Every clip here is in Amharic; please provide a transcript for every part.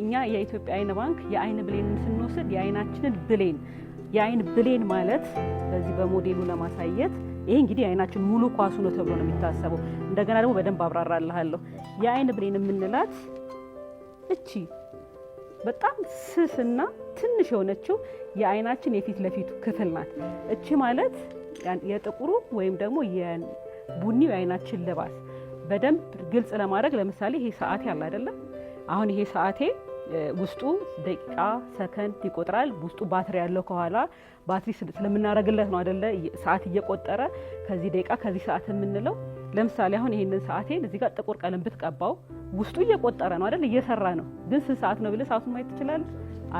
እኛ የኢትዮጵያ አይን ባንክ የአይን ብሌንን ስንወስድ የአይናችንን ብሌን የአይን ብሌን ማለት በዚህ በሞዴሉ ለማሳየት ይሄ እንግዲህ የአይናችን ሙሉ ኳሱ ነው ተብሎ ነው የሚታሰበው። እንደገና ደግሞ በደንብ አብራራልሃለሁ። የአይን ብሌን የምንላት እቺ በጣም ስስና ትንሽ የሆነችው የአይናችን የፊት ለፊቱ ክፍል ናት። እቺ ማለት የጥቁሩ ወይም ደግሞ የቡኒው የአይናችን ልባስ በደንብ ግልጽ ለማድረግ ለምሳሌ ይሄ ሰዓቴ አለ አይደለም? አሁን ይሄ ሰዓቴ ውስጡ ደቂቃ ሰከንድ ይቆጥራል። ውስጡ ባትሪ ያለው ከኋላ ባትሪ ስለምናደርግለት ነው አደለ? ሰዓት እየቆጠረ ከዚህ ደቂቃ ከዚህ ሰዓት የምንለው ለምሳሌ አሁን ይህንን ሰዓቴን እዚህ ጋር ጥቁር ቀለም ብትቀባው ውስጡ እየቆጠረ ነው አደለ እየሰራ ነው። ግን ስንት ሰዓት ነው ብለህ ሰዓቱን ማየት ትችላለህ?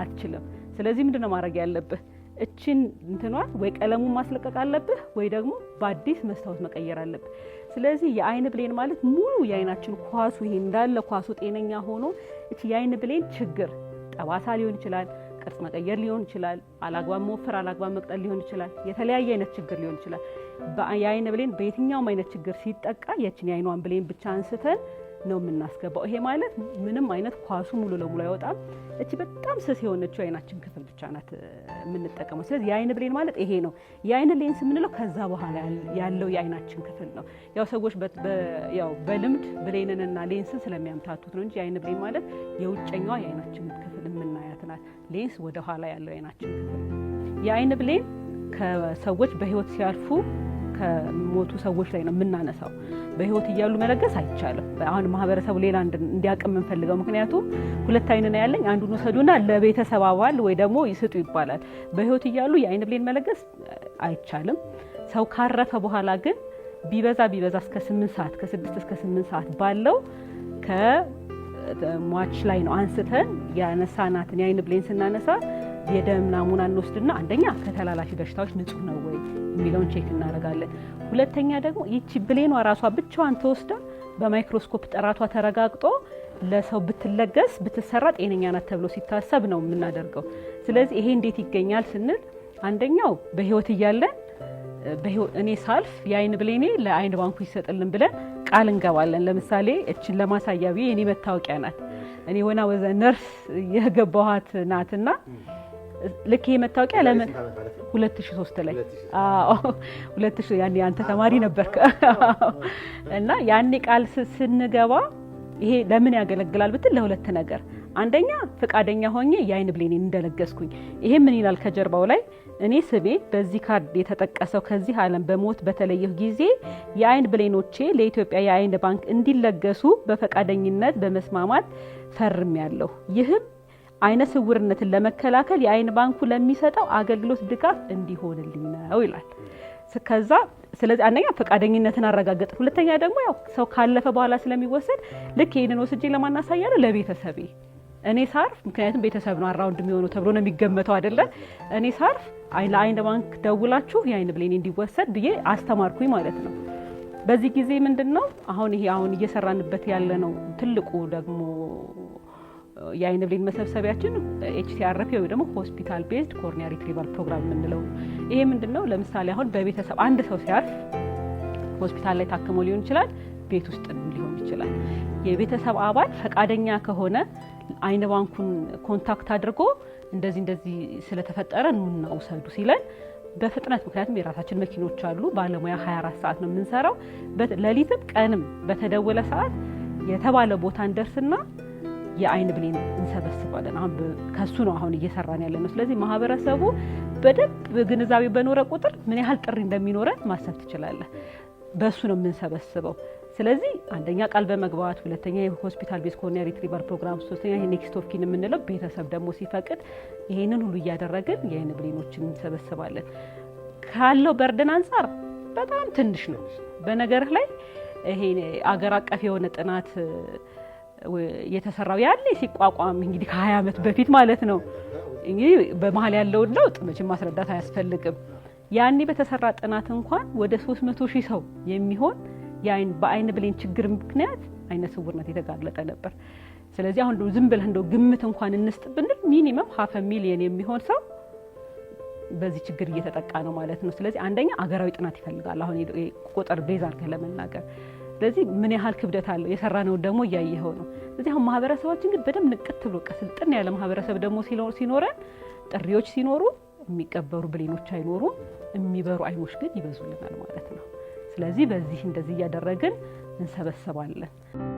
አትችልም። ስለዚህ ምንድነው ማድረግ ያለብህ? እችን እንትኗን ወይ ቀለሙን ማስለቀቅ አለብህ ወይ ደግሞ በአዲስ መስታወት መቀየር አለብህ። ስለዚህ የአይን ብሌን ማለት ሙሉ የአይናችን ኳሱ ይሄ እንዳለ ኳሱ ጤነኛ ሆኖ እቺ የአይን ብሌን ችግር ጠባሳ ሊሆን ይችላል፣ ቅርጽ መቀየር ሊሆን ይችላል፣ አላግባብ መወፈር፣ አላግባብ መቅጠል ሊሆን ይችላል፣ የተለያየ አይነት ችግር ሊሆን ይችላል። የአይን ብሌን በየትኛውም አይነት ችግር ሲጠቃ የችን የአይኗን ብሌን ብቻ አንስተን ነው የምናስገባው። ይሄ ማለት ምንም አይነት ኳሱ ሙሉ ለሙሉ አይወጣም። እቺ በጣም ስስ የሆነችው የአይናችን ክፍል ብቻ ናት የምንጠቀመው። ስለዚህ የአይን ብሌን ማለት ይሄ ነው። የአይን ሌንስ የምንለው ከዛ በኋላ ያለው የአይናችን ክፍል ነው። ያው ሰዎች ያው በልምድ ብሌንንና ሌንስን ስለሚያምታቱት ነው እንጂ የአይን ብሌን ማለት የውጨኛዋ የአይናችን ክፍል የምናያት ናት። ሌንስ ወደኋላ ያለው የአይናችን ክፍል። የአይን ብሌን ከሰዎች በህይወት ሲያልፉ ከሞቱ ሰዎች ላይ ነው የምናነሳው። በህይወት እያሉ መለገስ አይቻልም። አሁን ማህበረሰቡ ሌላ እንዲያቅም የምንፈልገው ምክንያቱም ሁለት አይን ነው ያለኝ፣ አንዱን ውሰዱና ለቤተሰብ አባል ወይ ደግሞ ይስጡ ይባላል። በህይወት እያሉ የአይን ብሌን መለገስ አይቻልም። ሰው ካረፈ በኋላ ግን ቢበዛ ቢበዛ እስከ ስምንት ሰዓት ከስድስት እስከ ስምንት ሰዓት ባለው ከሟች ላይ ነው አንስተን ያነሳናትን የአይን ብሌን ስናነሳ የደም ናሙና እንወስድና አንደኛ ከተላላፊ በሽታዎች ንጹህ ነው ወይ የሚለውን ቼክ እናደርጋለን። ሁለተኛ ደግሞ ይቺ ብሌኗ ራሷ ብቻዋን ተወስዳ በማይክሮስኮፕ ጥራቷ ተረጋግጦ ለሰው ብትለገስ ብትሰራ ጤነኛ ናት ተብሎ ሲታሰብ ነው የምናደርገው። ስለዚህ ይሄ እንዴት ይገኛል ስንል አንደኛው በህይወት እያለን እኔ ሳልፍ የአይን ብሌኔ ለአይን ባንኩ ይሰጥልን ብለን ቃል እንገባለን። ለምሳሌ እችን ለማሳያ ብዬ የኔ መታወቂያ ናት። እኔ ወና ወዘ ነርስ የገባኋት ናትና ልክ ይሄ መታወቂያ ለምን 2003 ላይ አዎ 2000 ያኔ አንተ ተማሪ ነበርክ እና ያኔ ቃል ስንገባ ይሄ ለምን ያገለግላል ብትል ለሁለት ነገር አንደኛ ፈቃደኛ ሆኜ የአይን ብሌኔን እንደለገስኩኝ ይሄ ምን ይላል ከጀርባው ላይ እኔ ስሜ በዚህ ካርድ የተጠቀሰው ከዚህ ዓለም በሞት በተለየሁ ጊዜ የአይን ብሌኖቼ ለኢትዮጵያ የአይን ባንክ እንዲለገሱ በፈቃደኝነት በመስማማት ፈርም ያለሁ ይህም አይነ ስውርነትን ለመከላከል የአይን ባንኩ ለሚሰጠው አገልግሎት ድጋፍ እንዲሆንልኝ ነው ይላል። ከዛ ስለዚህ አንደኛ ፈቃደኝነትን አረጋገጥ፣ ሁለተኛ ደግሞ ያው ሰው ካለፈ በኋላ ስለሚወሰድ ልክ ይህንን ወስጄ ለማናሳያ ነው ለቤተሰቤ እኔ ሳርፍ፣ ምክንያቱም ቤተሰብ ነው አራውንድ የሚሆነው ተብሎ ነው የሚገመተው አይደለ? እኔ ሳርፍ ለአይን ባንክ ደውላችሁ የአይን ብሌን እንዲወሰድ ብዬ አስተማርኩኝ ማለት ነው። በዚህ ጊዜ ምንድን ነው አሁን ይሄ አሁን እየሰራንበት ያለ ነው ትልቁ ደግሞ የአይን ብሌን መሰብሰቢያችን ኤችሲአርፒ ወይ ደግሞ ሆስፒታል ቤዝድ ኮርኒያ ሪትሪቫል ፕሮግራም የምንለው ነው። ይሄ ምንድን ነው? ለምሳሌ አሁን በቤተሰብ አንድ ሰው ሲያርፍ ሆስፒታል ላይ ታክሞ ሊሆን ይችላል፣ ቤት ውስጥ ሊሆን ይችላል። የቤተሰብ አባል ፈቃደኛ ከሆነ አይን ባንኩን ኮንታክት አድርጎ እንደዚህ እንደዚህ ስለተፈጠረ ኑና ውሰዱ ሲለን በፍጥነት ምክንያቱም የራሳችን መኪኖች አሉ። ባለሙያ 24 ሰዓት ነው የምንሰራው። ለሊትም ቀንም በተደወለ ሰዓት የተባለ ቦታ እንደርስና የአይን ብሌን እንሰበስባለን። አሁን ከሱ ነው አሁን እየሰራን ያለ ነው። ስለዚህ ማህበረሰቡ በደንብ ግንዛቤ በኖረ ቁጥር ምን ያህል ጥሪ እንደሚኖረን ማሰብ ትችላለህ። በእሱ ነው የምንሰበስበው። ስለዚህ አንደኛ ቃል በመግባት ሁለተኛ የሆስፒታል ቤዝ ከሆነ ሪትሪቨር ፕሮግራም ሶስተኛ የኔክስት ኦፍ ኪን የምንለው ቤተሰብ ደግሞ ሲፈቅድ ይህንን ሁሉ እያደረግን የአይን ብሌኖችን እንሰበስባለን። ካለው በርደን አንጻር በጣም ትንሽ ነው። በነገርህ ላይ ይሄ አገር አቀፍ የሆነ ጥናት የተሰራው ያለ ሲቋቋም እንግዲህ ከ20 ዓመት በፊት ማለት ነው። እንግዲህ በመሀል ያለውን ለውጥ መቼም ማስረዳት አያስፈልግም። ያኔ በተሰራ ጥናት እንኳን ወደ 300 ሺህ ሰው የሚሆን በአይን ብሌን ችግር ምክንያት አይነ ስውርነት የተጋለጠ ነበር። ስለዚህ አሁን ዝም ብለህ እንደው ግምት እንኳን እንስጥ ብንል ሚኒመም ሀፈ ሚሊየን የሚሆን ሰው በዚህ ችግር እየተጠቃ ነው ማለት ነው። ስለዚህ አንደኛ አገራዊ ጥናት ይፈልጋል። አሁን ቁጥር ቤዝ አድርገህ ለመናገር ስለዚህ ምን ያህል ክብደት አለው የሰራ ነው ደግሞ እያየኸው ነው። ስለዚህ አሁን ማህበረሰባችን ግን በደንብ ንቅት ብሎ ስልጥን ያለ ማህበረሰብ ደግሞ ሲኖረን ጥሪዎች ሲኖሩ የሚቀበሩ ብሌኖች አይኖሩም፣ የሚበሩ አይኖች ግን ይበዙልናል ማለት ነው። ስለዚህ በዚህ እንደዚህ እያደረግን እንሰበሰባለን።